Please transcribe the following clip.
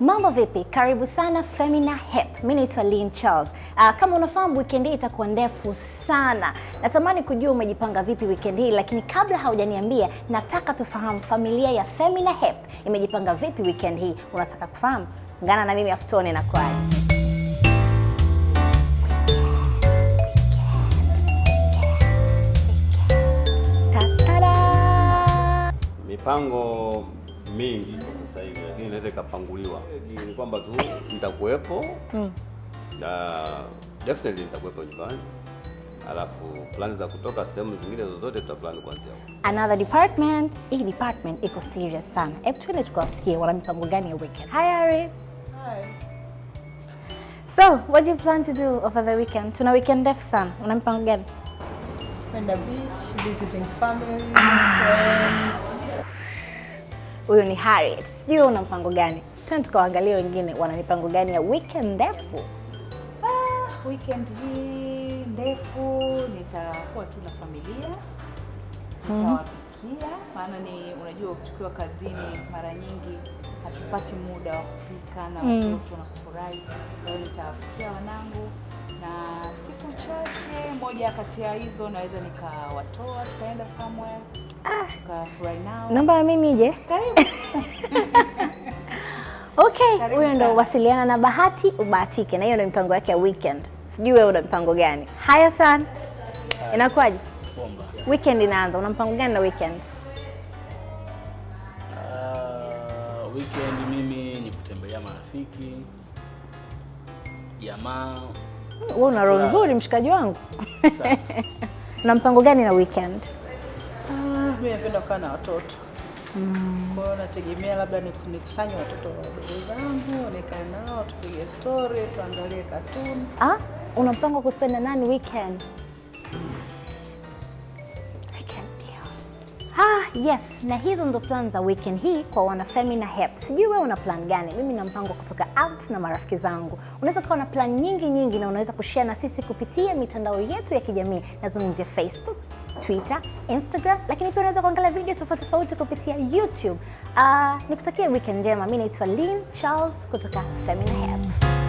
Mambo vipi? Karibu sana Femina Hep. Mimi naitwa Lynn Charles. Uh, kama unafahamu weekend hii itakuwa ndefu sana. Natamani kujua umejipanga vipi weekend hii, lakini kabla haujaniambia, nataka tufahamu familia ya Femina Hep imejipanga vipi weekend hii. Unataka kufahamu? ngana na mimi aftone na kwaje. Mipango mingi sasa hivi, lakini inaweza ikapanguliwa. Ni kwamba tu nitakuwepo hmm. na definitely nitakuwepo nyumbani, alafu plani za kutoka sehemu zingine zozote tutaplan kuanzia another department. Hii department iko serious sana, hebu tuende tukawasikie wana mipango gani ya weekend. Hi Harriet. Hi. So what do you plan to do over the weekend? Tuna weekend ndefu sana, una mipango gani? Kwenda beach, visiting family, ah. friends. Huyu ni Harriet. Sijui una mpango gani? Twende tukawaangalia wengine wana mipango gani ya weekend ndefu. Ah, weekend hii ndefu nitakuwa tu na familia mhm. nitawapikia, maana ni unajua, tukiwa kazini mara nyingi hatupati muda wa kupika na mm. watoto na kufurahi. Kwa hiyo nitawapikia wanangu na siku chache, moja kati ya hizo naweza nikawatoa tukaenda somewhere Naomba mimi nije. Okay, huyo ndo wasiliana na Bahati ubahatike, na hiyo ndo mipango yake ya weekend. Sijui wewe una mipango gani? Haya sana, inakuwaje? Bomba. Weekend inaanza, una mpango gani na weekend? Uh, weekend mimi ni kutembelea marafiki jamaa. Wewe una roho nzuri mshikaji wangu. Una mpango gani na weekend? mimi napenda kukaa na watoto mm. Kwa hiyo nategemea labda nikusanye watoto wadogo zangu, nikae nao tupige story, tuangalie katuni. Ah, una mpango kuspenda nani weekend? Yes, na hizo ndo plan za weekend hii kwa wanafemina help. Sijui wewe una plan gani? Mimi na mpango kutoka out na marafiki zangu. Unaweza kuwa na plan nyingi nyingi, na unaweza kushare na sisi kupitia mitandao yetu ya kijamii, nazungumzia Facebook, Twitter, Instagram, lakini pia unaweza kuangalia video tofauti tofauti kupitia YouTube. Uh, nikutakie weekend njema. Mimi naitwa Lynn Charles kutoka Femina Help.